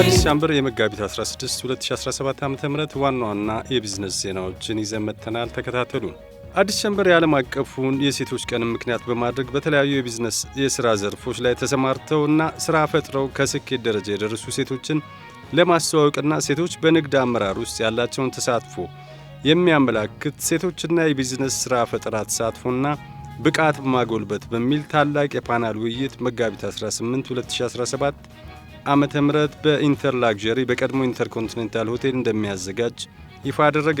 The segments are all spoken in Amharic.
አዲስ ቻምበር የመጋቢት 16 2017 ዓ ም ዋና ዋና የቢዝነስ ዜናዎችን ይዘን መጥተናል። ተከታተሉ። አዲስ ቻምበር የዓለም አቀፉን የሴቶች ቀንም ምክንያት በማድረግ በተለያዩ የቢዝነስ የሥራ ዘርፎች ላይ ተሰማርተውና ሥራ ፈጥረው ከስኬት ደረጃ የደረሱ ሴቶችን ለማስተዋወቅና ሴቶች በንግድ አመራር ውስጥ ያላቸውን ተሳትፎ የሚያመላክት ሴቶችና የቢዝነስ ሥራ ፈጠራ ተሳትፎና ብቃት ማጎልበት በሚል ታላቅ የፓናል ውይይት መጋቢት 18 2017 ዓመተ ምህረት በኢንተር ላግዠሪ በቀድሞ ኢንተርኮንቲኔንታል ሆቴል እንደሚያዘጋጅ ይፋ አደረገ።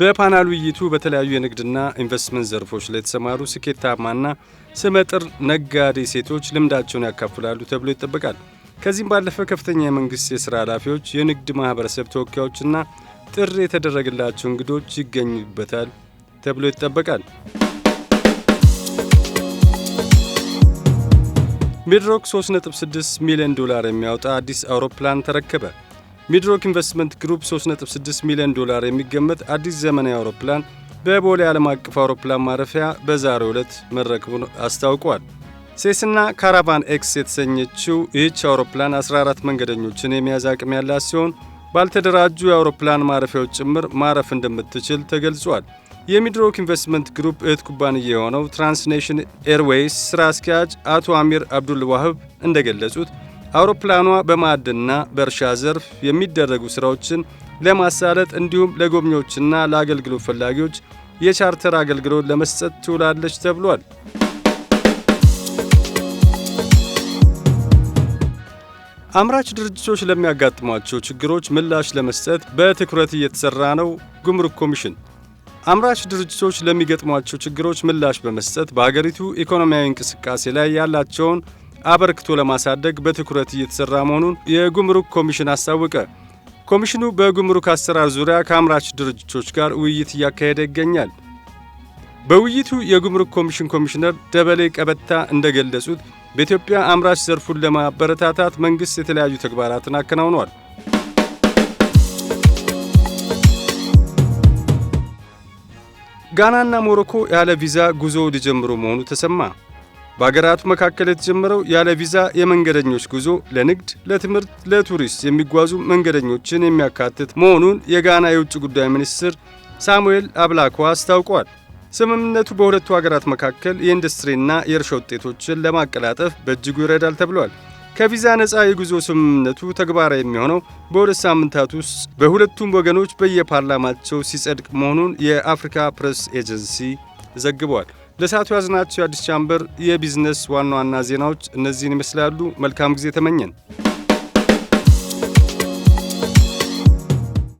በፓናል ውይይቱ በተለያዩ የንግድና ኢንቨስትመንት ዘርፎች ላይ የተሰማሩ ስኬታማና ስመጥር ነጋዴ ሴቶች ልምዳቸውን ያካፍላሉ ተብሎ ይጠበቃል። ከዚህም ባለፈ ከፍተኛ የመንግሥት የሥራ ኃላፊዎች፣ የንግድ ማኅበረሰብ ተወካዮችና ጥሪ የተደረገላቸው እንግዶች ይገኙበታል ተብሎ ይጠበቃል። ሚድሮክ 3.6 ሚሊዮን ዶላር የሚያወጣ አዲስ አውሮፕላን ተረከበ። ሚድሮክ ኢንቨስትመንት ግሩፕ 3.6 ሚሊዮን ዶላር የሚገመት አዲስ ዘመናዊ አውሮፕላን በቦሌ ዓለም አቀፍ አውሮፕላን ማረፊያ በዛሬው ዕለት መረከቡን አስታውቋል። ሴስና ካራቫን ኤክስ የተሰኘችው ይህች አውሮፕላን 14 መንገደኞችን የሚያዝ አቅም ያላት ሲሆን ባልተደራጁ የአውሮፕላን ማረፊያዎች ጭምር ማረፍ እንደምትችል ተገልጿል። የሚድሮክ ኢንቨስትመንት ግሩፕ እህት ኩባንያ የሆነው ትራንስኔሽን ኤርዌይስ ሥራ አስኪያጅ አቶ አሚር አብዱል ዋህብ እንደገለጹት አውሮፕላኗ በማዕድንና በእርሻ ዘርፍ የሚደረጉ ሥራዎችን ለማሳለጥ እንዲሁም ለጎብኚዎችና ለአገልግሎት ፈላጊዎች የቻርተር አገልግሎት ለመስጠት ትውላለች ተብሏል። አምራች ድርጅቶች ለሚያጋጥሟቸው ችግሮች ምላሽ ለመስጠት በትኩረት እየተሠራ ነው። ጉምሩክ ኮሚሽን አምራች ድርጅቶች ለሚገጥሟቸው ችግሮች ምላሽ በመስጠት በሀገሪቱ ኢኮኖሚያዊ እንቅስቃሴ ላይ ያላቸውን አበርክቶ ለማሳደግ በትኩረት እየተሰራ መሆኑን የጉምሩክ ኮሚሽን አስታወቀ። ኮሚሽኑ በጉምሩክ አሰራር ዙሪያ ከአምራች ድርጅቶች ጋር ውይይት እያካሄደ ይገኛል። በውይይቱ የጉምሩክ ኮሚሽን ኮሚሽነር ደበሌ ቀበታ እንደገለጹት በኢትዮጵያ አምራች ዘርፉን ለማበረታታት መንግሥት የተለያዩ ተግባራትን አከናውኗል። ጋናና ሞሮኮ ያለ ቪዛ ጉዞ ሊጀምሩ መሆኑ ተሰማ። በአገራቱ መካከል የተጀመረው ያለ ቪዛ የመንገደኞች ጉዞ ለንግድ፣ ለትምህርት፣ ለቱሪስት የሚጓዙ መንገደኞችን የሚያካትት መሆኑን የጋና የውጭ ጉዳይ ሚኒስትር ሳሙኤል አብላኮ አስታውቋል። ስምምነቱ በሁለቱ አገራት መካከል የኢንዱስትሪና የእርሻ ውጤቶችን ለማቀላጠፍ በእጅጉ ይረዳል ተብሏል። ከቪዛ ነፃ የጉዞ ስምምነቱ ተግባራዊ የሚሆነው በሁለት ሳምንታት ውስጥ በሁለቱም ወገኖች በየፓርላማቸው ሲጸድቅ መሆኑን የአፍሪካ ፕሬስ ኤጀንሲ ዘግቧል። ለሰዓቱ ያዝናቸው የአዲስ ቻምበር የቢዝነስ ዋና ዋና ዜናዎች እነዚህን ይመስላሉ። መልካም ጊዜ ተመኘን።